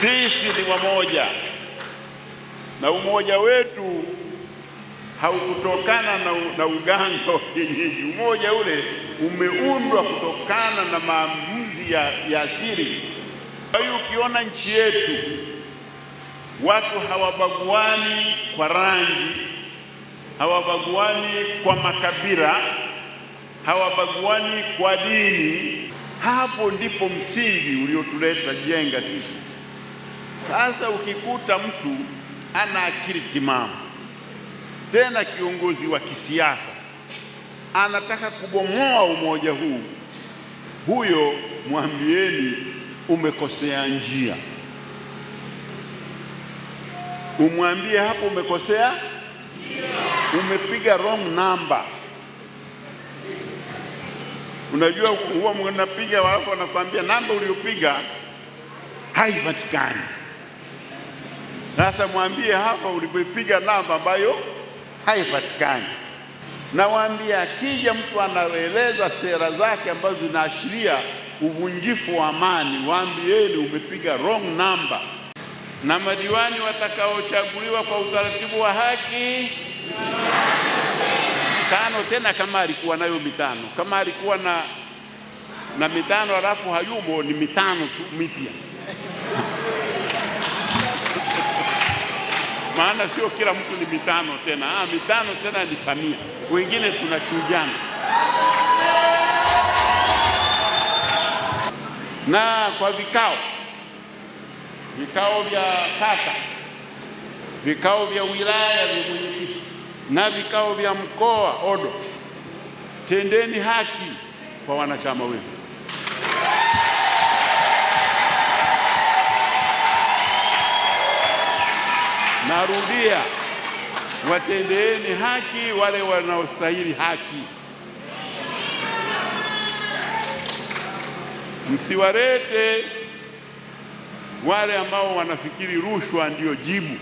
Sisi ni wamoja, na umoja wetu haukutokana na, na uganga wa kienyeji. Umoja ule umeundwa kutokana na maamuzi ya, ya asili. Kwa hiyo ukiona nchi yetu watu hawabaguani kwa rangi, hawabaguani kwa makabila, hawabaguani kwa dini. Hapo ndipo msingi uliotuleta jenga sisi sasa ukikuta mtu ana akili timamu, tena kiongozi wa kisiasa anataka kubomoa umoja huu, huyo mwambieni umekosea njia, umwambie hapo umekosea, umepiga wrong number. Unajua huwa mnapiga, halafu anakwambia namba uliyopiga haipatikani. Sasa mwambie hapa ulipopiga namba ambayo haipatikani, Nawaambia, akija mtu anaeleza sera zake ambazo zinaashiria uvunjifu wa amani, waambieni umepiga wrong number. Na madiwani watakaochaguliwa kwa utaratibu wa haki tano tena, kama alikuwa nayo mitano, kama alikuwa na na mitano halafu hayumo, ni mitano tu mipya maana sio kila mtu ni mitano tena. Ah, mitano tena ni Samia, wengine tunachujana. Na kwa vikao, vikao vya kata, vikao vya wilaya vya na vikao vya mkoa ODO, tendeni haki kwa wanachama wenu. Narudia, watendeeni haki wale wanaostahili haki, msiwarete wale ambao wanafikiri rushwa ndio jibu.